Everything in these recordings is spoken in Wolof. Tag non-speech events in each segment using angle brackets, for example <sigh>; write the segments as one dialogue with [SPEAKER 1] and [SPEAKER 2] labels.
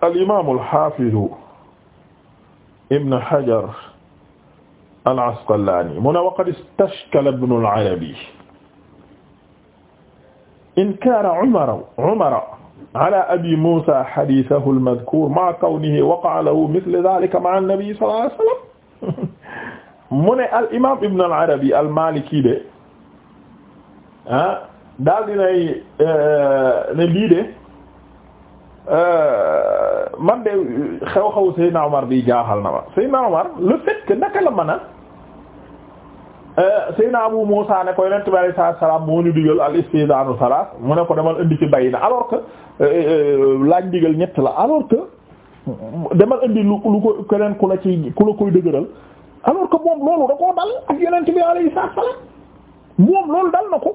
[SPEAKER 1] al imaam al haafiz ibn hajar al asqalaani mu ne waqad istashkala ibn al arabi inkaara umara umara ala abi muusa hadiisahu al mazkuur ma'a kawnihi waqa'a lahu mislu zaalika ma'a nabi sallallahu alayhi wa sallam mu ne al imaam ibn al arabi al maaliki de ah. daal dinay euh, euh, ne lii de euh, man de xew-xew Seydina Omar bi jaaxal na ma Seydina Omar le fait que naka la mën a Seydina Abu ne ko Yonent bi moo ñu digal al istidaanu salaas mu ne ko demal indi ci bayna alors que laaj digal ñett la alors que demal indi lu lu ko keneen ku la ci ku la koy dëgëral alors que moom loolu da koo dal ak Yonent bi alayhi salaatu salaam moom loolu dal na ko.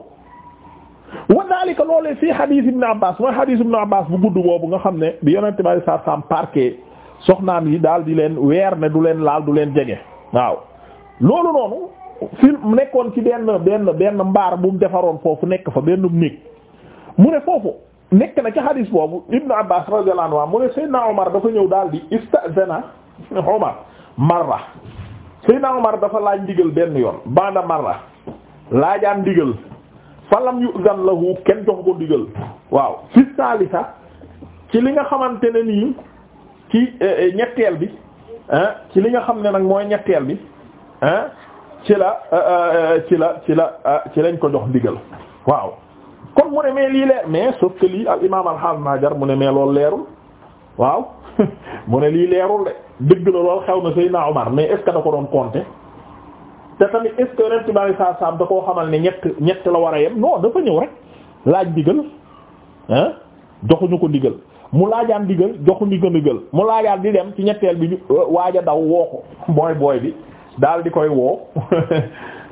[SPEAKER 1] wa daalika loolee fii hadith ibn Abbas mooy hadith ibn Abbas bu gudd boobu nga xam ne bi yonent bi saa saam parqué soxnaam yi daal di leen weer ne du leen laal du leen jege waaw. loolu noonu film nekkoon ci benn benn benn mbaar bu mu defaroon foofu nekk fa benn néeg mu ne foofu nekk na ca hadith boobu ibn Abbas radiyallahu anhu mu ne Seydina Omar dafa ñëw daal di istazana Omar marra Seydina Omar dafa laaj ndigal benn yoon banda marra laajaan ndigal. falam yu gan lahu kenn jox ko digal waaw fi salisa ci li nga xamante ne nii ci eh, eh, ñetteel bi eh, ci li nga xam ne nag mooy ñetteel bi ci la ci la ci la ci lañ ko jox digal waaw kon mu ne mais lii leer mais sauf que lii al imam alxaam najar mu ne mais loolu leerul waaw <laughs> mu ne lii leerul de dëgg la lool xew na Seydina Omar mais est ce que da ko doon compter te tamit est ce que ren tubaab saa da koo xamal ne ñett ñett la war a yem non dafa ñëw rek laaj ndigal ah joxuñu ko ndigal mu laajaan ndigal joxuñu ko ndigal mu laajaan di dem ci ñetteel bi euh, waaja daw woo ko booy booy bi daal di koy woo <laughs>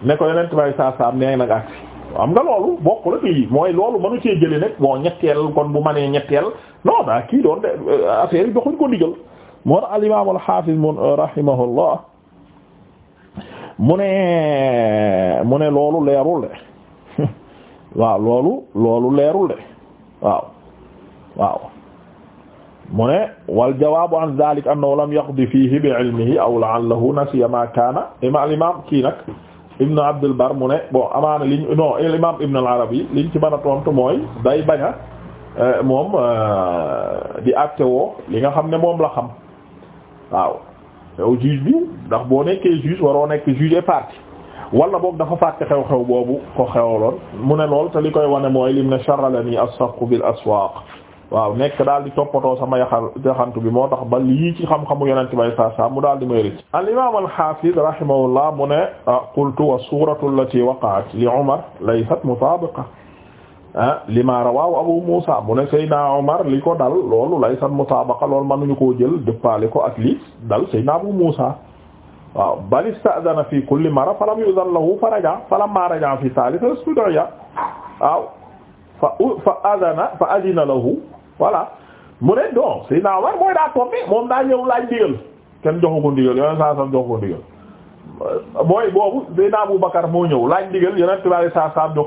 [SPEAKER 1] ne ko ren tubaab yi saa nee nag ak am nga loolu bokk la fii mooy loolu mënu cee jëlee nag bon ñetteel kon bu mënee ñetteel non daa kii doon de euh, affaire yi joxuñu ko ndigal moo tax al euh, rahimahullah mu ne mu ne loolu leerul de <laughs> waaw loolu loolu leerul de waaw waaw mu ne wal jawaabu an dalik annahu lam yaqdi fiihi bi ilmihi aw la'allahu nasiya ma kaana imaam imaam kii nag Ibn Abdul Bar mu ne bon amaana liñ non imaam Ibn al-Arabi liñ ci mën a tontu mooy day bañ a eh, moom eh, di àtte woo li nga xam ne moom la xam waaw. yow juge bi ndax boo nekkee juge waroo nekk juge et partie wala boog dafa fàtte xew-xew boobu ko xewaloon mu ne lool te li koy wane mooy lim ne charalani as-saqu bil aswaq waaw nekk daal di toppatoo sama yaxal yaxantu bi moo tax ba lii ci xam-xamu yonente bay saa saa mu daal di may rëcc al imam al hafiz rahimahullah mu ne ah, qultu wa suratu allati waqa'at li umar laysat mutabiqa ah lima rawahu Abu Musa mu ne Seydina Omar li ko dal loolu lay san mutaabaqa loolu mënuñu koo jël dëppaale ko ak li dal Seydina Abu Musa waaw bal ista'dana fi kulli mara falam yu'dan lahu fa raja falamma raja fi thalitha stud'iya waaw fa fa adana fa adina lahu voilà mu ne don Seydina Omar mooy daa tombe moom daa ñëw laaj ndigal kenn joxu ko ndigal yoneen saa sam joxu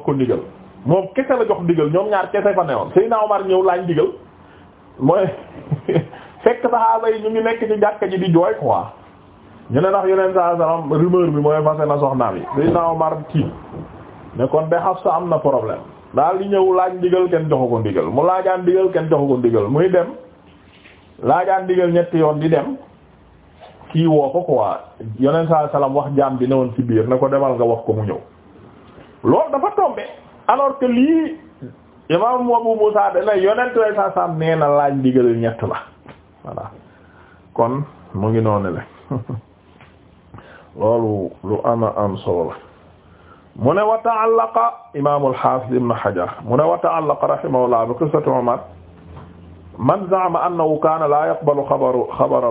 [SPEAKER 1] ko ndigal moom kese la jox ndigal ñoom ñaar kese fa newoon Seydina Omar ñëw laaj ndigal mooy <laughs> fekk saxaaba yi ñu ngi nekk ni jàkka ji di jooy quoi ñu ne nax yeneen saa salaam rumeur bi mooy fase na soxnaam yi Seydina Omar tiit ne kon de Hafsa am na problème daal di ñëw laaj ndigal kenn joxu ko ndigal mu laajaan ndigal kenn joxu ko ndigal muy dem laajaan ndigal ñetti yoon di dem kii woo ko quoi yeneen saa salaam wax jaam bi newoon ci biir ne ko demal nga wax ko mu ñëw alors que lii imam Abu Musa dana yonent way sa sam nee laaj ndigal ñett la kon mu ngi noonu le <laughs> loolu lu ama am solo mu ne wa ta'allaqa imam al ibn Hajar mu ne wa ta'allaqa rahimahullah bi qissati Umar man za'ama annahu kana la yaqbalu xabaru xabar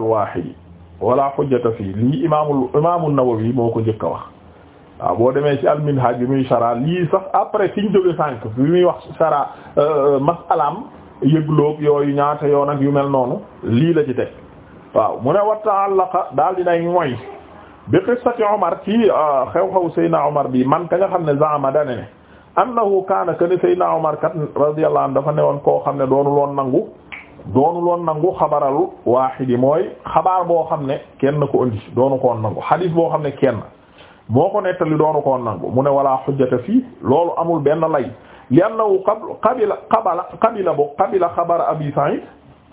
[SPEAKER 1] wala hujjata fii lii imam imam nawawi moo ko njëkk wax waaw boo demee ci alminhaj bi muy sara lii sax après fi ñu jóge sànq bi muy wax sara euh, euh, masalaam yëgloog yooyu ñaata yoon ak yu mel noonu lii la ci teg waaw mu ne wa ta'allaqa daal dinay moy bi qissati Omar ci euh, xew-xew Seydina Omar bi man ka nga xam ne zaama dane ne annahu kaana que ne Seydina Omar kat radiyallahu anhu dafa woon koo xam ne doonul loon nangu doonul woon nangu xabaralu waaxid yi mooy xabaar boo xam ne kenn ko indi doonu ko woon nangu xadiis boo xam ne kenn moo ko nettali doonu ko nangu mu ne wala xujjata fii loolu amul benn lay li annahu qabila qabala qabila bu qabila xabara abi sa'id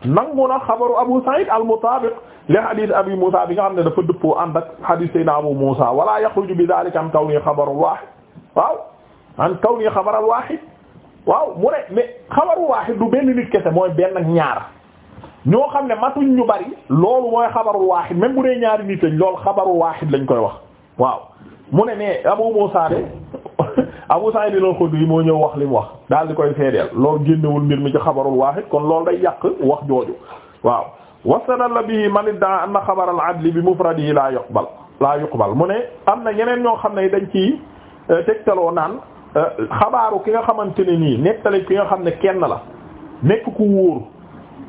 [SPEAKER 1] nangu na xabaru abu sa'id al mutaabiq li hadith abi musa bi nga xam ne dafa dëppoo ànd ak hadith sayna abu musa wala yaxruju bi dhalika an kawni xabaru wahid waaw an kawni ne mais xabaru wahid du benn nit kese mooy benn ak ñaar ñoo xam ne matuñ ñu bari loolu mooy xabaru wahid même bu dee ñaari nit lañ loolu xabaru wahid lañ koy wax waaw mu ne mais Abu Muusaa de <laughs> Abu Saïd ko xudri moo ñëw wax li mu wax daal di koy seedeel loolu génnewul mbir mi ci xabarul waahid kon loolu day yàq wax jooju waaw wastadalla bihi man iddaa anna xabar al-adl bi mufradihi laa yuqbal laa yuqbal mu ne am na ñeneen ñoo xam ne dañ ci euh, tegtaloo naan euh, xabaaru ki nga xamante ne nii nettali ki nga xam ne kenn la nekk ku wóor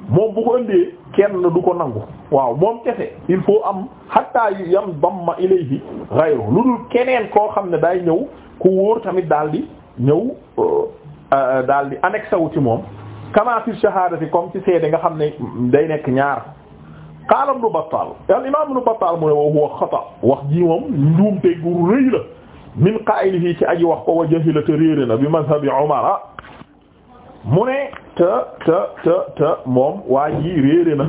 [SPEAKER 1] moom bu ko ëndee kenn du ko nangu waaw moom kese il faut am hatta yam damma ilayhi ghayru lu dul keneen koo xam ne day ñëw ku wóor tamit daal di ñëw euh, euh, daal di annexe wu ci moom kama fi shahadati comme ci seede nga xam ne day nekk ñaar qaala ibn Battal al imam ibn Battal mu ne wa huwa xata wax ji moom njuumte gu rëy la min qaa'ilihi ci aji wax ko wa jahila te réere na bi mazhabi Umar mu ne te te te te moom waa ji réere na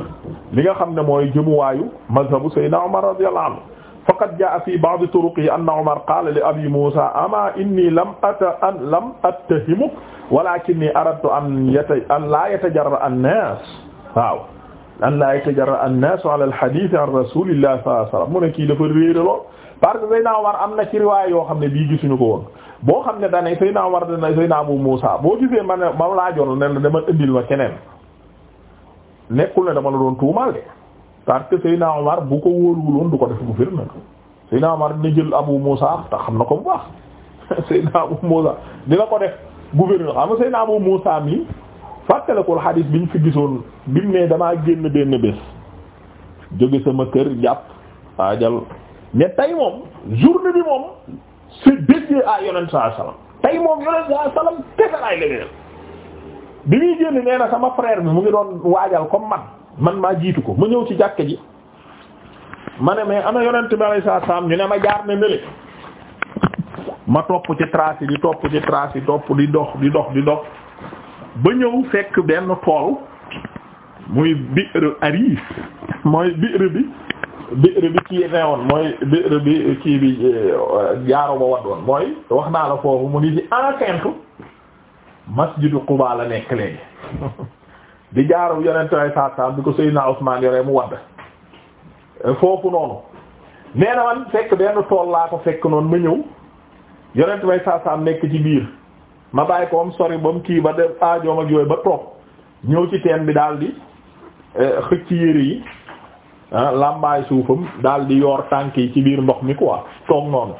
[SPEAKER 1] li nga xam ne mooy jëmuwaayu mazhabu sayyidina Umar radiyallahu anhu faqad jaa fi ba'd turuqihi anna Umar qaala li Abi Muusa ama inni lam ata an lam attahimuk walaakinni aradtu an yata an laa yatajarra an-naas waaw an laa yatajarra an-naas ala al-hadiith an rasuulillah sallallahu alayhi wa sallam mu ne kii dafa réere lool parce que sayyidina Umar am na ci riwaay yoo xam ne bii gisuñu ko woon boo xam ne dane sëy naa war dana sëy naa Abu Muusa boo gisee ma ne ma laajoon ne dama indil ma keneen nekkul ne dama la doon tuumal de parce que sëy naa Umar bu ko wóoruwuloon du ko def bu firnde sëy naa Umar dina jël Abu Muusa te xam na ko bu baax sëy <laughs> naa Abu dina ko def gouverneur xam nga naa Abu Muusa mi fàttalekul xadiis biñ fi gisoon bimu ne damaa génn benn bés jóge sama kër jàpp waajal ne tey moom journée bi moom si déggee ah yonent saa salaam tey moom yonent saa salaam kese laay liggéeyal bi muy génn nee na sama frère bi mu ngi doon waajal comme man man maa jiitu ko ma ñëw ci jàkke ji ma ne mais ana yonent bi alayhi salaam ñu ne ma jaar ne nële ma topp ci trace yi di topp ci trace yi topp di dox di dox di dox ba ñëw fekk benn tool muy bi'r arif mooy bi'r bi biir bi kii newoon bi kii bi eh, jaaro ba waddoon mooy wax naa la foofu mu ngi ci enceinte masjidu Quba la nekk léegi <laughs> di jaaro yonente way saasam bi ko Seydina Ousmane yoree mu wadd foofu noonu nee na man fekk benn tool laa ko fekk noonu ma ñëw yonente way saasam nekk ci biir ma bàyyi ko am sori ba mu kii ba def aajoom ak yooyu ba toog ñëw ci teen bi daal di eh, xëcc yére yi Ah, làmbaay suufam daal di yor tànk yi ci biir ndox mi quoi toog noonu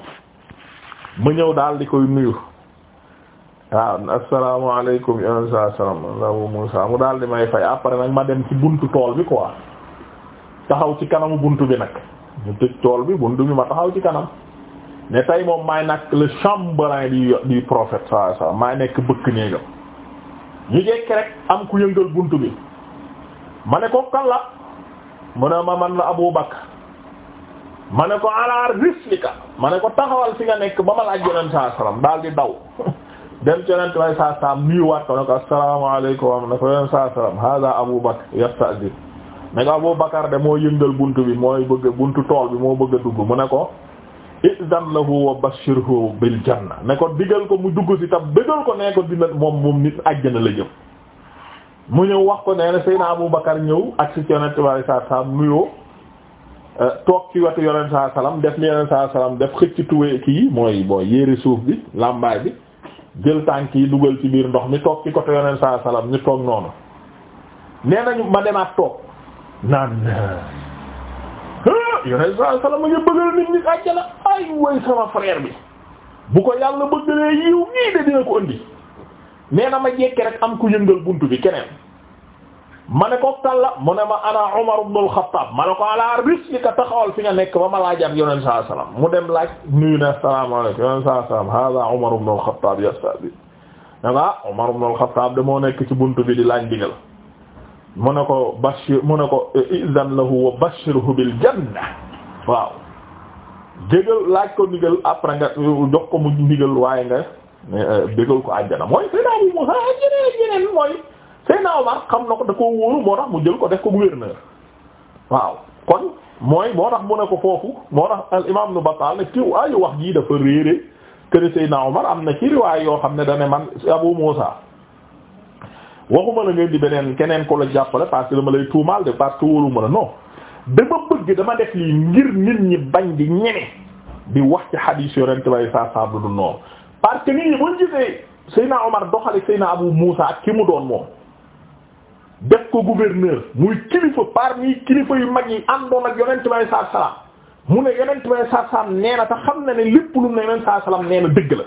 [SPEAKER 1] ma ñëw daal di koy nuyu waaw ah, assalaamu alaykum yoon sa assalaamu alaykum Musa mu daal di may fay après nag ma dem ci buntu tool bi quoi taxaw ci kanamu buntu bi nag ñu tëj tool bi buntu bi ma taxaw ci kanam ne tey moom maay nag le chambellan du du prophète sa sa maay nekk bëkk néegam ñu jekk rek am ku yëngal buntu bi ma ne ko kan mu ne ma man la Abu Bakr ma ne ko ala rislika ma ne ko taxawal fi nga nekk ba ma laaj yonent saa salaam daal di daw <laughs> dem ci yonent saa salaam nuyuwaat ko ne ko asalaamaaleykum ne ko yonent saa salaam hada Abu Bakr yasta'zin ne ko moo yëngal bunt bi mooy bëgg bunt tool bi moo bëgg dugg mu ne ko izan lahu wa bashirhu bil janna ne ko digal ko mu dugg ci tam bëggal ko ne ko dina moom moom nit àjjana la jëm mu ñëw wax ko nee na Seydina Abu Bakar ñëw ak si ci yonent bi saa salaam nuyoo euh, toog ci wetu yonent saa salaam def ni yonent saa salaam def xëcc tuwe kii mooy mooy yéeri suuf bi làmbaay bi jël tànk yi dugal ci biir ndox mi toog ci côté yonent saa salaam ñu toog noonu nee ma demaat toog naan yonent saa salaam ma ngi bëggal nit ñi àjjana ay way sama frère bi bu ko yàlla bëggalee yiw nii de dina ko indi nee ma jekke rek am ku yëngal buntu bi keneen ma ne ko kan la mu ne ma ana a ibn al-Khattab ma ne ko ala rislika taxawal fi nga nekk ba ma laaj ak yonent sallallahu alayhi mu dem laaj nuyu na asalaamaaleykum yonent sallallahu alayhi wasallam hada Umar ibn al-Khattab yastabi ne ko ah Umar ibn al-Khattab de moo nekk ci buntu bi di laaj ndigal mu ne ko bashir mu ne ko izan lahu wa bashirhu bil janna waaw jégal ko mu ndigal waaye nga eh, eh, bégal ko àjjana mooy fay mu sa yeneen yeneen mooy Seydina Omar xam na ko da koo wóoru moo tax mu jël ko def ko gouverneur waaw kon mooy moo tax mu ne ko foofu moo tax al imam Ibn Battal ne kiw ayu wax jii dafa réere kër Seydina Omar am na ci riwaay yoo xam ne dane man Abu Muusa waxuma la ngeen di beneen keneen ko la jàppale parce que dama lay tuumaal de parce que wóoruma la non dama bëgg dama def lii ngir nit ñi bañ di ñeme di wax ci xadiis yorente bay sa sablu du noonu parce que nit ñi buñ gisee ki mu doon moom def ko gouverneur muy kilifa parmi kilifa yu mag yi àndoon ak yonent bay saa salaam mu ne yonent bay saa salaam nee na te xam na ne lépp lu na yonent saa salaam nee na dëgg la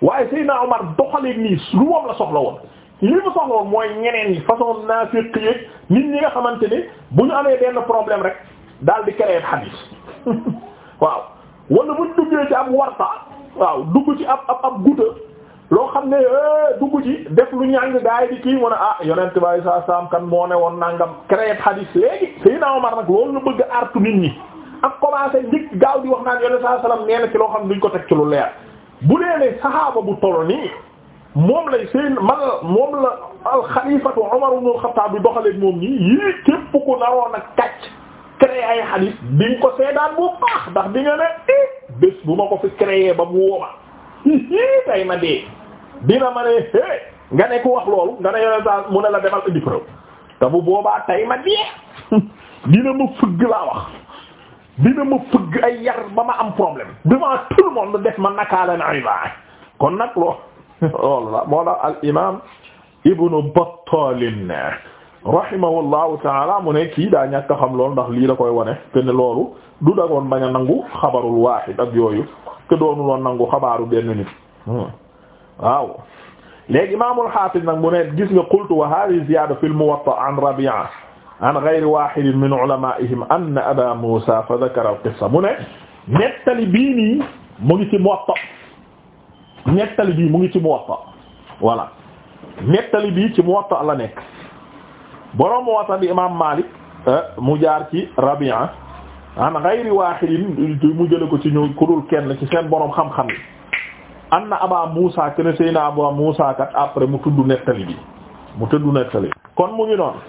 [SPEAKER 1] waaye Seydina Omar doxalee nii lu moom la soxla woon. li mu soxla woon mooy ñeneen ñi façon naafiq yi nit ñi nga xamante ne bu ñu amee benn problème rek daal di créer xadiis <laughs> waaw wala bu duggee ci am warta waaw dugg ci ab ab ab guta loo xam ne eh, dugg ci def lu ñàng gaay di kii mu ne ah yonent baay saa saam kan moo ne woon nangam créé hadis léegi Seydina Omar nag loolu la bëgg a artu nit ñi ak commencé njëkk gaaw di wax naan yonent saa salaam nee na ci loo xam ne ko teg ci lu leer bu dee ne saxaaba bu toll nii moom lay seen man moom la alxalifatu Umar ibn al-Khattab bi doxaleeg moom nii yii képp ku naroon ak kàcc créé ay hadis diñ ko seedaan bu baax ndax di nga ne eh, bés bu ma ko fi créé ba mu woo ma ma dina ma ne hé nga ne ku wax loolu nga ne yoneen saa mu ne la demal indi preuve te bu boobaa tay ma dee <laughs> dina ma fëgg laa wax dina ma fëgg ay yar ba ma am problème devant tout le monde def ma nakaala na ay kon nag loolu <laughs> loolu la moo tax al imam ibnu battalin rahimahullahu taala mu ne kii daa ñàkk a xam loolu ndax lii la koy wane te ne loolu du dagoon bañ nangu xabarul waaxid ak yooyu te doonu loon nangu xabaaru benn nit hmm. waaw léegi imaamul xaafis nag mu ne gis nga qultu wa hadihi ziyaada fi al-muwatta an rabi'a an ghayri wahidin min ulama'ihim anna aba musa fa dhakara al-qissa mu ne nettali bii nii mu ngi ci muwatta nettali bii mu ngi ci muwatta voilà nettali bii ci muwatta la nekk borom muwatta bi imaam Maalik eh, mu jaar ci rabi'a an ghayri wahidin mu jële ko ci ñu ku dul kenn ci seen borom xam-xam yi anna aba Muusa kene seyna aba Muusa kat après mu tudd nettali bi mu tudd nettali kon mu ngi noonu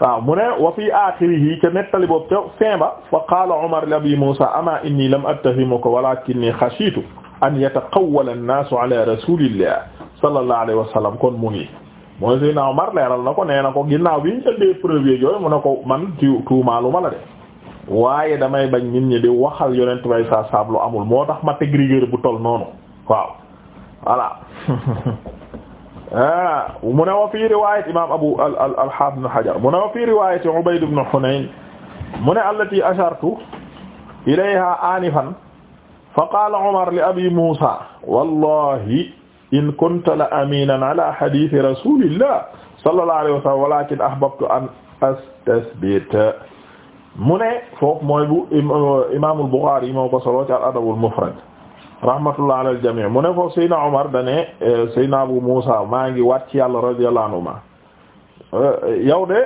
[SPEAKER 1] waaw mu ne wa fi axirihi ca nettali boobu ca fin ba fa qaala Umar li abi Muusa ama inni lam attahimuka walakinni xashiitu an yataqawwala an-naasu ala rasulillah sallallahu alayhi wa sallam kon mu ngi mooy seyna Umar leeral na ko nee ko ginnaaw bi ñu ëndee preuve mu ne ko man tuumaalu ma la de waaye damay bañ nit ñi di waxal yonent bay sa sablu amul moo tax ma teg bu tol noonu waaw voilà <laughs> ah, mu ne wa fii riwayat imam abu al-hafiz ibn hajar mu ne wa fii riwayat ubayd ibn hunayn mu ne allati ashartu ilayha anifan fa qala umar li abi musa wallahi in kunta la aminan ala hadithi rasulillah sallallahu alayhi wa sallam walakin ahbabtu an astasbita mu ne foofu mooy bu imaamul Buxaari moo ko solo ci al-adabul mufrad rahmatullah ala aljamii mu ne foofu Seydina Omar dane eh, Seydina Abu Muusa maa ngi waat ci yàlla radiyallahu anhu ma eh, yow de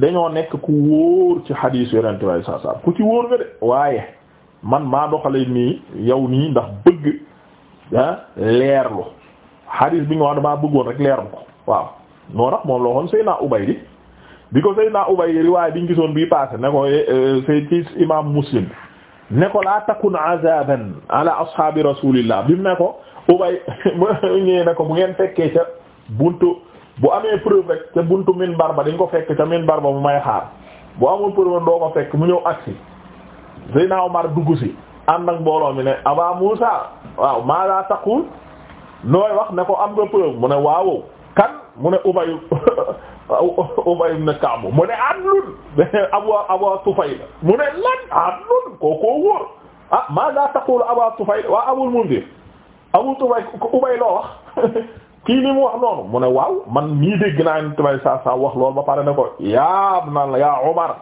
[SPEAKER 1] dañoo nekk ku wóor ci xadiis yonente way saa saa ku ci wóor nga de waaye man maa doxale nii yow nii ndax bëgg ah leerlu xadiis bi nga wax damaa bëggoon rek leerlu ko waaw noo tax moom la waxoon Seydina Ubaydi bi ko Seydina Ubaydi riwaay bi ñu gisoon bii passé ne ko eh, say ci imam Muslim ne ko laa takun azaban ala ashaabi rasulillah bi mu ne ko ubay ñëwee ne ko bu ngeen fekkee ca buntu bu amee preuve rek ca buntu minbar ba dañ ko fekk ca minbar ba mu may xaar bu amul preuve doo ko fekk mu ñëw agsi Seydina Omar dugg si ànd ak mbooloo mi ne Aba Muusa waaw maa laa takun nooy wax ne ko am nga preuve mu ne waawow kan mu ne Ubay <laughs> Ubay ibn Ka'b mu ne adlun <laughs> Abu Abu Tufayl mu ne lan adlun kookoo wóor ah maa ngaa taqulu Abu Tufayl waa Abul Mundir Abu Tufayl Ubay loo wax <laughs> kii li mu wax noonu mu ne waaw man mii dégg naa ne Tufayl saa saa wax loolu ba pare ne ko yaa ibn yaa Umar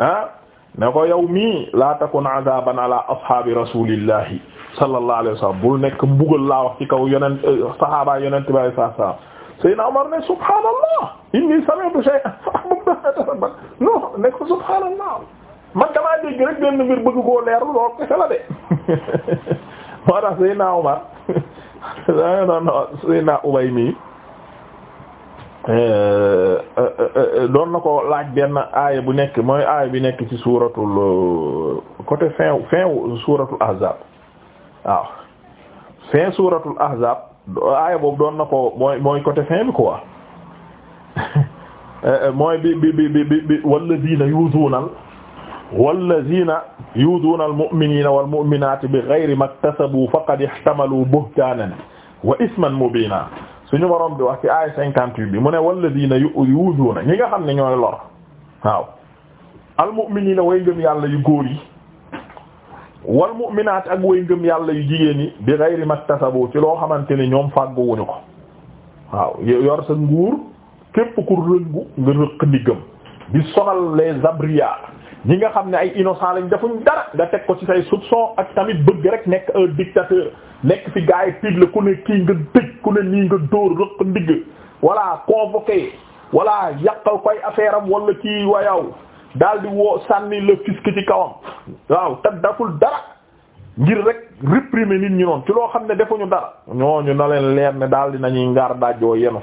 [SPEAKER 1] ah ne ko yow mii laa takun azaban ala ashaabi rasulillahi sallallahu alayhi wa sallam bul nekk mbugal laa wax ci kaw yonent eh, sahaaba yonent bi sallallahu alayhi wa sallam Seydina Omar ne subhaanallah inni sami'tu shay'an fa'abudahataraba non ne ko subhaanallah man damaa dégg rek benn mbir bëgg koo leerlu lool kese la de <laughs> moo tax Seydina Omar da Ubay mi eh, eh, eh, doon na ko laaj benn aaya bu nekk mooy aaya bi nekk ci suuratul côté fin fin suuratul ahzab waaw fin suuratul ahzab aaya boobu doon na ko mooy mooy côté fin bi quoi <laughs> eh, eh, mooy bi bi bi bi bi wallazina yuzuunal wallazina yuzuuna almuminina walmuminati bi gayri maktasabu faqad ihtamalu buhtaanan wa isman mubina suñu boroom di wax ci aaya cinquante huit bi mu ne wallazina yuzuuna ñi nga xam ne ñooy lor waaw almuminina way ngëm yàlla yu góor yi wal mu'minaat ak way ngëm yàlla yu jigéen yi bi ghayri maktasabu ci loo xamante ni ñoom fàggu wuñu ko waaw yor sa nguur képp ku rëngu nga rëq ndiggam di sonal les abria ñi nga xam ne ay innocent lañ defuñ dara nga teg ko ci say soupçon ak tamit bëgg rek nekk un dictateur nekk fi gaay tiit la ku ne kii nga tëj ku ne nii nga dóor rëq ndigg walla convoqué walla yàqal koy affaire am wala kii wayaw daal di woo sànni le fisc ci kawam waaw te daful dara ngir rek réprimer nit ñi noonu ci loo xam ne defuñu dara ñooñu na leen leer ne daal di nañuy ngaar daajoo yenu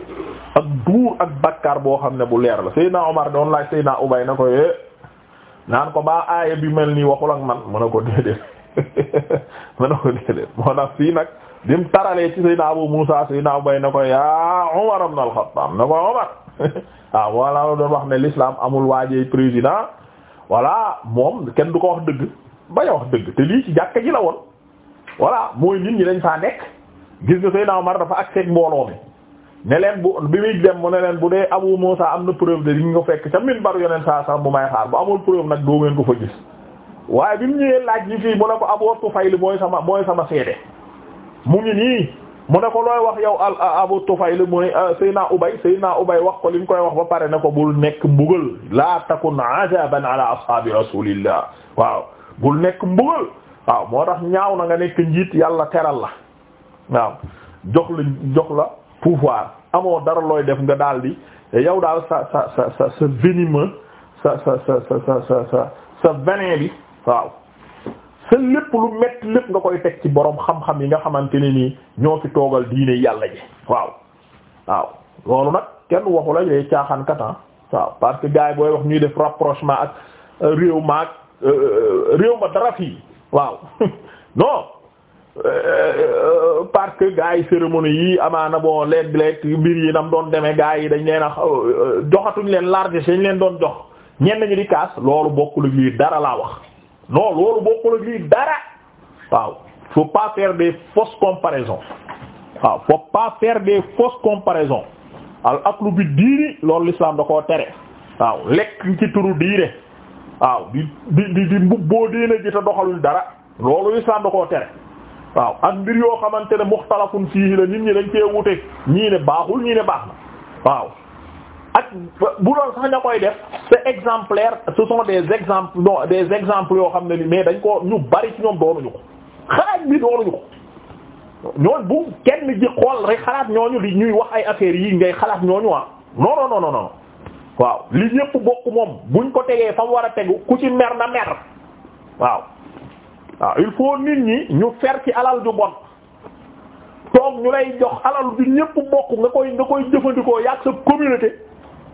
[SPEAKER 1] ak duur ak bakkaar boo xam ne bu leer la Seydina Omar doon laaj Seydina Ubay na ko yee eh? naan ko baa aaya bi mel nii waxul man mën a ko déedéet <laughs> mën a ko déedéet moo tax fii nag bi mu taralee ci Seydina Abu Muusa Seydina Ubay na ko yaa Umar ibn al na ko Umar <laughs> waaw voilà doon wax ne l'islam amul waajee président voilà moom kenn du ko wax dëgg bañ a dëgg te lii ci jàkka ji la woon voilà mooy nit ñi dañ saa nekk gis nga Seydina Omar dafa ak seeg mbooloo mi bu bi muy dem mu ne leen bu dee Abu Musa am na preuve de li nga fekk ca minbar yoneen saa sax bu may xaar bu amul preuve nag doo ngeen ko fa gis waaye bi mu ñëwee laaj ñi fii mu ne ko Abu Tufayl mooy sama mooy sama seede mu ngi nii mu ne ko looy wax yow al Abu Tufayl mu euh, ne Seyna Ubay Seyna Ubay wax ko li ñu koy wax ba pare ne ko bul nekk mbugal la takun azaban ala ashaabi rasulillah waaw bul nekk mbugal waaw moo tax ñaaw na nga nekk njiit yàlla teral la waaw jox la jox la pouvoir amoo dara looy def nga daal di yow daal sa sa sa sa sa venimeux sa sa sa sa sa sa sa venin bi waaw sa lépp lu metti lépp nga koy teg ci boroom xam-xam yi nga xamante ne nii ñoo fi toogal diine yàlla ji waaw waaw loolu nag kenn waxu la yooyu caaxaan katan ah. waaw parce que gars yi booy wax ñuy def rapprochement ak euh, réew ma ak euh, euh, réew ma dara fii waaw <laughs> non parce que gars yi cérémonie yi amaana bon léeg-léeg mbir yi nam doon demee gars yi dañ leen a joxatuñ leen largesse dañ leen doon jox ñenn ñu di kaas loolu bokkul lii dara laa wax non loolu bokkul ak lii dara waaw faut pas faire des fausses comparaisons waaw faut pas faire des fausses comparaisons al aklu bi diini loolu l'islam da koo tere waaw lekk ci turu diine waaw di di di mbubboo diine ji te doxaluñ dara loolu l'islam da koo tere waaw ak mbir yoo xamante ne muxtalafun fiihi la nit ñi dañ cee wute ñii ne baaxul ñii ne baax na waaw ak bu doon sax ña koy def c'est exemplaire ce sont des exemples non des exemples yoo xam ne ni mais dañ ko ñu bari ci ñoom doonuñu ko xalaat bi doonuñu ko ñoon bu kenn ji xool rek xalaat ñooñu li ñuy wax ay affaires yi ngay xalaat ñooñu ah non non non waaw li ñépp bokk moom buñ ko tegee fa war a tegu ku ci mer na mer waaw waaw il faut nit ñi ñu fer ci alal ju bon toog ñu lay jox alal ju ñépp bokk nga koy nga koy jëfandikoo yàgg sa communauté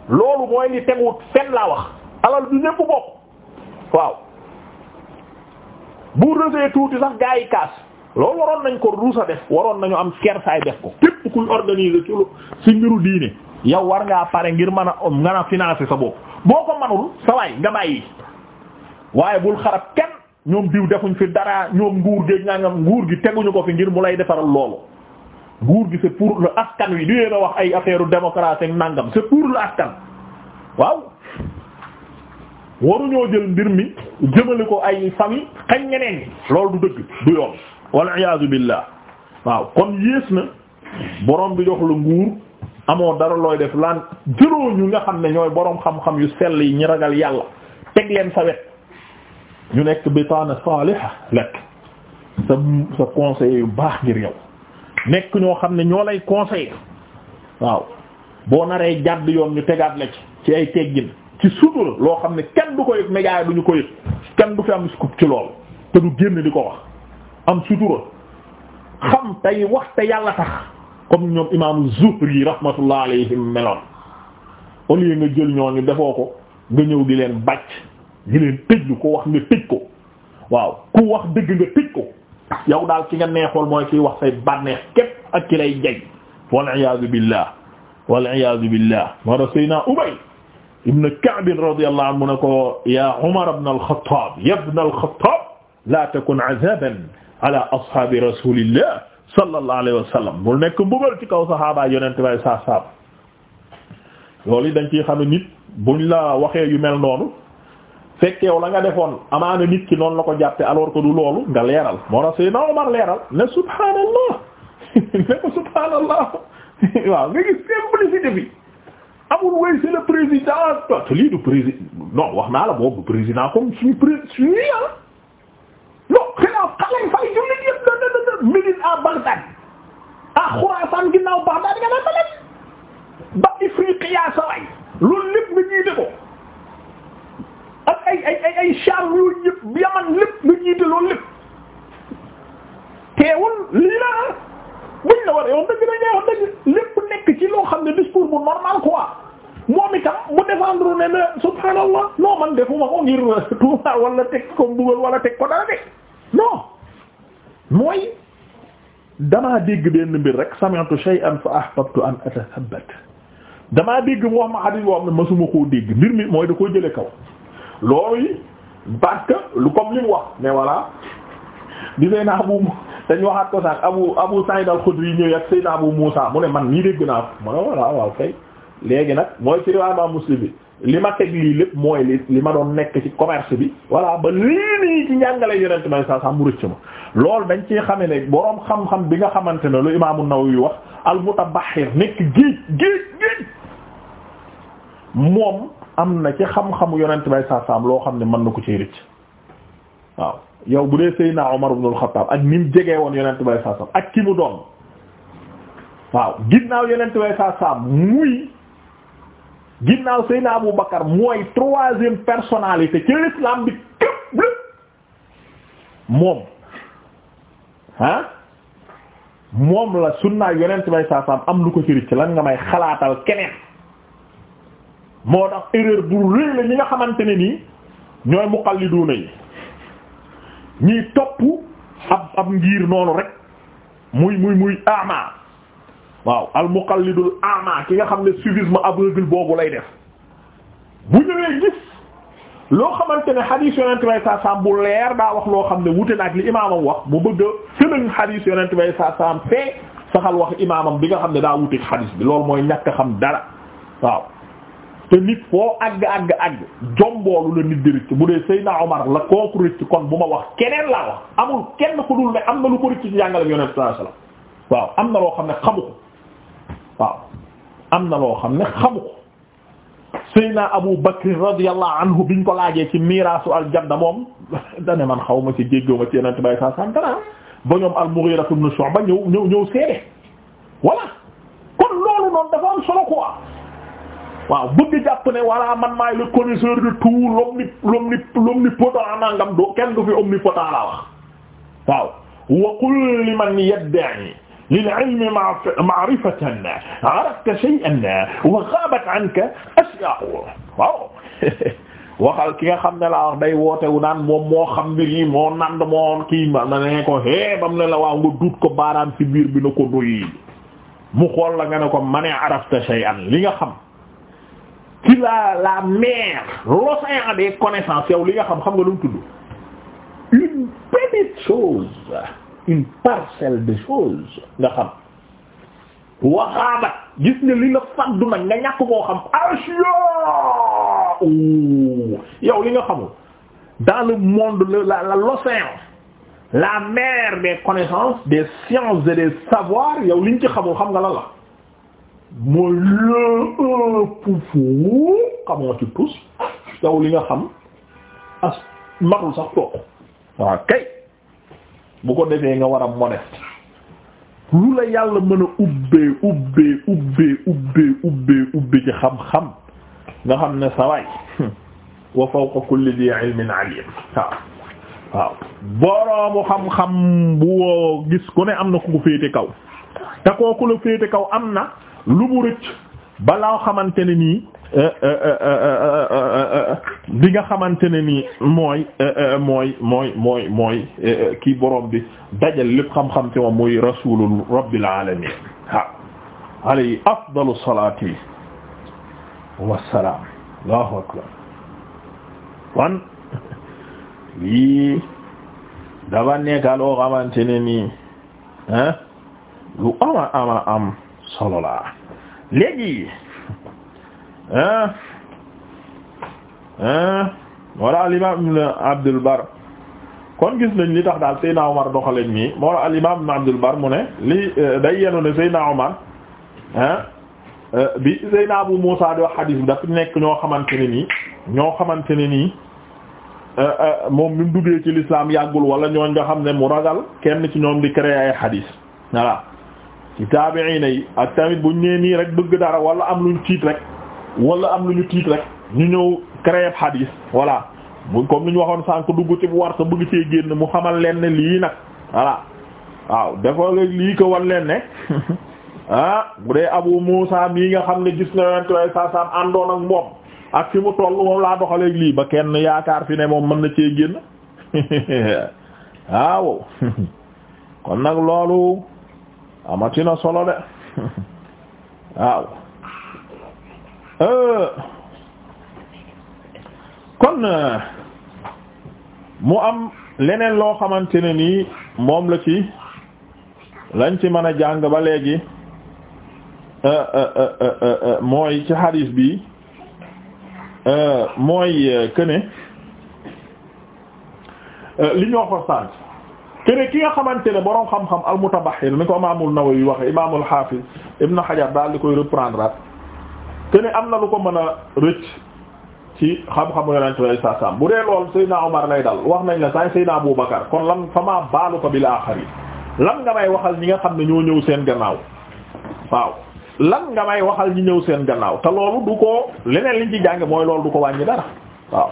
[SPEAKER 1] loolu mooy li teguwut fenn laa wax alal bi ñépp ko waaw bu rësee tuuti sax gaa yi kaas loolu waroon nañ ko ruusa def waroon nañu am kersaay def ko képp kuy organiser ci lu ci mbiru diine yow war ngaa pare ngir mën a mën a financer sa bopp boo ko manul sa waay nga bàyyi waaye bul xarab kenn ñoom diw defuñ fi dara ñoom nguur gi ñaangam nguur gi teguñu ko fi ngir mu lay defaral loolu nguur gi c'est pour le askan wi di leen a wax ay affaire démocratie ak nangam sa pour le askan waaw waruñoo jël mbir mi jëmale ko ay famille xañ ñeneen ñi loolu du dëgg du yoon wal iyaazu billah waaw kon yées na borom bi jox la nguur amoo dara looy def lan jëloo ñu nga xam ne ñooy boroom xam-xam yu sell yi ñi ragal yàlla teg leen sa wet ñu nekk bitaana saaliha lak sa sa conseil yu baax ngir yow nekk ñoo xam ne ñoo lay conseiller waaw boo naree jàdd yoon ñu tegaat la ci ci ay teggin ci sutura loo xam ne kenn du koy yëg médias yi du ñu ko kenn du fi am scoop ci lool te du génn di ko wax am sutura xam tey wax te yàlla tax comme ñoom imaamu Zuhri rahmatullah alayhim meloon au lieu nga jël ñoo ñooñu defoo ko nga ñëw di leen bàcc di leen tëj ko wax nga tëj ko waaw ku wax dëgg nga tëj ko yow daal ki nga neexool mooy kiy wax say bànneex képp ak ki lay jay waliyasu billah waliyasu billah moo tax Seydina Ubay ibn Ka'b radiyallahu anhu mu ne ko ya Umar ibn al-Khattab ya ibn al-Khattab la takun azaban ala ashabi rasulillah sallallahu alayhi wa sallam mu nekk mbugal ci kaw sahaaba yonente way sa sab loolu dañ ciy xam ne nit buñ la waxee yu mel noonu fekk yow la nga defoon amaana nit ki noonu la ko jàppe alors que du loolu nga leeral moo tax Seydina Omar leeral ne subhaanallah ne ko subhaanallah waaw nga gis simplicité bi amul way c'est le président te du président non wax naa la boobu président comme suñu suñu ah non xilaaf xale fay jullit yëpp da da da Médine à Bagdad ah Xuraasaan ginnaaw Bagdad nga naan ba lépp ba Ifriqiya saway loolu lépp nga jiite ko. ay ay ay ay yooyu yëpp yaman lépp lu jiite loolu lépp teewul lii la ah buñ war yow dëgg la ñuy wax dëgg lépp nekk ci loo xam ne discours bu normal quoi moom itam mu défendre ne na subhanallah non man defuma ko ngir tuuma wala teg ko mbugal wala teg ko dara de non mooy damaa dégg benn mbir rek sami'tu shay'an fa ahbabtu an atathabbat damaa dégg mu wax ma hadith boo xam koo dégg mbir mi mooy da koo jële kaw loolu yi parce lu comme li mu wax mais voilà gisee na abu dañ waxaat ko sax abu abu Sa'id al-Khudri ñëw ak Seydina Abu Muusa mu ne man nii dégg naa ko mu ne voilà waaw kay léegi nag mooy ci riwaay ma bi li ma teg lii lépp mooy li li ma doon nekk ci commerce bi voilà ba lii nii ci njàngale yonent may sa sa mu rëcc ma loolu dañ ci xame ne boroom xam-xam bi nga xamante ne lu Imaam An-Nawawi wax al-mutabahhir nekk géej géej géej moom am na ci xam-xamu yonent bay saasaam loo xam ne mën na ko ciy rëcc waaw yow bu dee sëy Omar ibn al-Khattab ak ni mu jegee woon yonent bay saasaam ak ki mu doon waaw ginnaaw yonent bay saasaam muy ginnaaw Seydina Abu Bakar mooy troisième personnalité ci l'islam bi këpp lépp moom ah moom la sunna yonent bay saasaam am lu ko ci rëcc lan nga may xalaatal keneen moo tax erreur bu rëy la ñi nga xamante ne nii ñooy muqalliduna yi ñiy topp ab ab ngir noonu rek muy muy muy ama waaw al muqallidul ama ki nga xam ne suivisme aveugle boobu lay def bu ñëwee gis loo xamante ne xadiis yonent bay saa saam bu leer daa wax loo xam ne wute na ak li imaamam wax mu bëgg a sënañ xadiis yonent bay saa saam fee saxal wax imaamam bi nga xam ne daa wuteeg xadiis bi loolu mooy ñàkk xam dara waaw te nit foo àgg àgg àgg jomboolu la nit di rëcc bu dee Seydina Omar la kooku rëcc kon bu ma wax keneen laa wax amul kenn ku dul ne am na lu ko rëcc ci jàngale yonent sallallahu alayhi wasallam waaw am na loo xam ne waaw am na loo xam ne xamu ko Seydina Abu Bakr radiyallahu anhu biñ ko laajee ci miiraasu aljanna moom <laughs> dane man xaw ci jéggoo ma ci yonent bay saa santana ba ñoom al-Mughira ibn Shu'ba ñëw ñëw ñëw seede voilà kon loolu noonu dafa am solo quoi waaw bëgg jàpp ne voilà man maay le connaisseur de tout l'omni l'omni l'omnipotent nangam doo kenn du fi omnipotent laa wax waaw wa <laughs> ki nga xam ne laa wax day wootewu naan moom moo xam ne lii moo nand moo kii ma ne ko hee ne la waaw nga duut ko baaraam ci biir bi na ko doy mu xool la nga ne ko ma ne arafta shay'an li nga xam ci la la mer l'océan des connaissances yow li nga xam xam nga lu mu tudd une petite chose une parcelle de choses nga xam waxaabat gis ne li la faddu nag nga ñàkk koo xam asio yow li nga xamul dans le monde la la l'océan la mer des connaissances des sciences et des savoirs yow liñ ci xamul xam nga la la mooy lépp foofu xamoo ci tus yow li nga xam as matul sax toog waaw kay bu ko defee nga war a modeste lu la yàlla mën a ubbee ubbee ubbee ubbee ubbee ubbee ci xam-xam nga xam ne sawaay <laughs> wa fawqa kulli dhi ilmin alim waaw waaw boroomu xam-xam bu gis ku ne am na ku ko féete kaw te kooku la féete kaw am na lu mu rëcc balaa xamante ne nii euh, euh, euh, li nga xamante ne nii mooy mooy mooy mooy mooy kii borom bi dajal lépp xam-xam ci moom muy rasulul rabbil alamin ha alayhi afdalu salati wassalam allahu akbar kon lii dafa nekk loo xamante ne nii lu ama ama am solo la léegi ah ah wala al imaam ibn Abdul Bar kon gis nañ li tax daal Seydina Omar doxaleen nii moo al imaam ibn Abdul Bar mu ne li euh, day yenu ne Seydina Omar ah bi Seydina Abu Muusa di xadiis bi dafa nekk ñoo xamante ne nii ñoo xamante ne nii euh, moom mi mu duggee ci l'islam yàggul wala ñooñ nga xam ne mu ragal kenn ci ñoom di créer ay xadiis voilà taabi'ina yi ak tamit bu ñu nee nii rek bëgg dara wala am lu ñu tiit rek wala am lu ñu tiit rek ñu ñëw créer hadis voilà bu comme li ñu waxoon sànq dugg ci bu war sa bëgg cee génn mu xamal leen ne lii nag voilà waaw dafa lii ko wan leen ne <laughs> ah bu dee Abu Muusa mii nga xam ne gis na yonent way saa saam àndoon ak moom ak fi mu toll moom laa doxaleeg lii ba kenn yaakaar fi ne moom mën na cee génn <laughs> waaw <laughs> kon nag loolu. amatina solo de waaw euh. kon euh, mu am leneen loo xamante ne nii moom la ci lañ ci mën a jàng ba léegi euh, mooy ci xadiis bi mooy këne li ñoo ko kene ki nga xamante ne boroom xam-xam al-Mutabahhir ni ko imaamul Nawawi waxe imaamul Hafiz Ibn Hajar daal di koy reprendre at kene am na lu ko mën a rëcc ci xam xam yonent way sa sam bu dee lool Seydina Omar lay dal wax nañ la saay Seydina Abu Bakar kon lan fama baalu ko bil aaxari lan nga may waxal ñi nga xam ne ñoo ñëw seen gannaaw waaw lan nga may waxal ñi ñëw seen gannaaw te loolu du ko leneen liñ ci jànge mooy loolu du ko wàññi dara waaw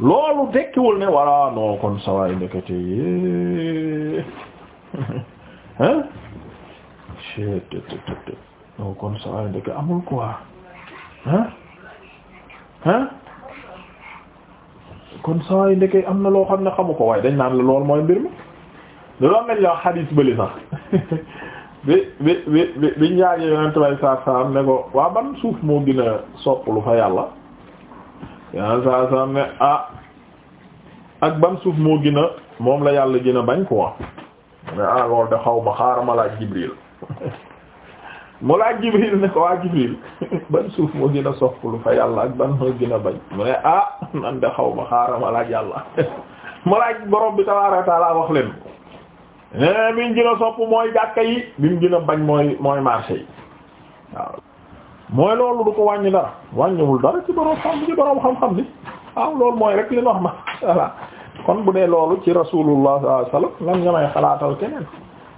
[SPEAKER 1] loolu tekkiwul ne walla non kon sawaay ndekete yee <laughs> hein non kon sawaay ndeke amul quoi hein hein kon sawaay ndeke am na loo xam ne xamu ko waaye dañ naan la lool mooy mbir mi loolu am nañ la xadiis bëli sax <laughs> bi bi bi bi ñaari yonent bay saar saar ne ko waa ban suuf moo gën sopp lu fa yàlla yeneen saa saa ne ah ak ban suuf moo gën a moom la yàlla gën a bañ quoi mais ah loolu de xaw ma xaaral ma laaj Jibril <laughs> mu laaj Jibril ne ko waa Jibril <laughs> ban suuf moo gën a sopp lu fa yàlla ak ban moo gën a bañ mu ne ah man de xaw ma xaaral ma laaj yàlla <laughs> mu laaj borom bi tabaaraka wax leen nee eh, bi ñu gën a sopp mooy jàkka yi bi ñu gën a bañ mooy mooy marché yi waaw. mooy loolu du ko wàññi dara wàññiwul dara ci borom xam xam-xam waaw loolu mooy rek li normal voilà kon bu dee loolu ci rasulullah sallallahu alayhi wasallam nan nga may xalaatal keneen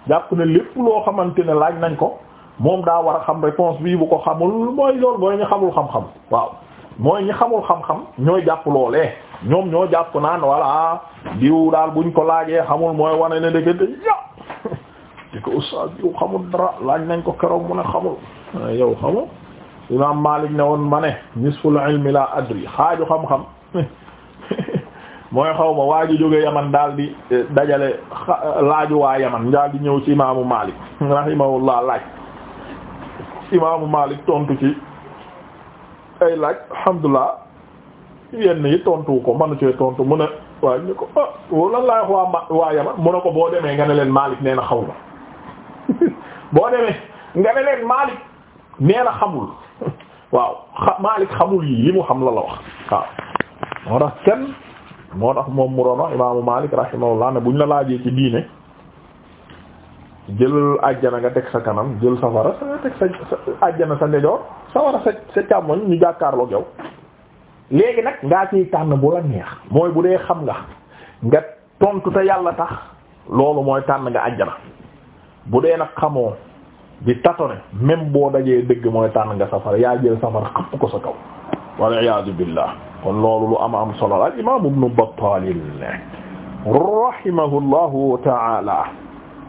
[SPEAKER 1] jàpp ne lépp loo xamante ne laaj nañ ko moom daa war a xam réponse bii bu ko xamul mooy loolu mooy ñu xamul xam-xam waaw mooy ñi xamul xam-xam ñooy jàpp loolee ñoom ñoo jàpp naan voilà diw daal buñ ko laajee xamul mooy wane ne dëggante ya di diw xamul dara laaj nañ ko keroog mu ne xamul ah, yow imam Malik ne woon ma ne nisful ilmi la adri xaaju xam-xam <laughs> mooy xaw ma ji jóge yaman daal di eh, dajale laaju waa yaman daal di ñëw ci imaamu Malik <laughs> rahimahullah laaj imaamu Malik tontu ci ay laaj alhamdulilah yenn yi tontu ko manu cee tontu mu ne waaye ñu ko ah lan laay waa ma waa yaman mu ne ko boo demee nga ne leen Malik nee na xaw ma <laughs> boo demee nga ne leen Malik nee xamul <laughs> waaw Maalik xamul yi li mu xam la la wax waaw moo tax kenn moo tax moom mu doon imaamu Maalik rahimahullah ne buñ la laajee ci diine jël àjjana nga teg sa kanam jël safara sa nga teg sa àjjana sa ndejoor safara sa sa càmmoñ ñu jàkkaarloog yow léegi nag ngaa ciy tànn bu la neex mooy bu dee xam nga nga tontu te yàlla tax loolu mooy tànn nga àjjana bu dee nag xamoo di tatone même boo dajee dëgg mooy tànn nga safara yaa jël safara xëpp ko sa kaw wal iyaadu billah kon loolu lu am am solo al imam ibnu Battaal rahimahullahu ta'ala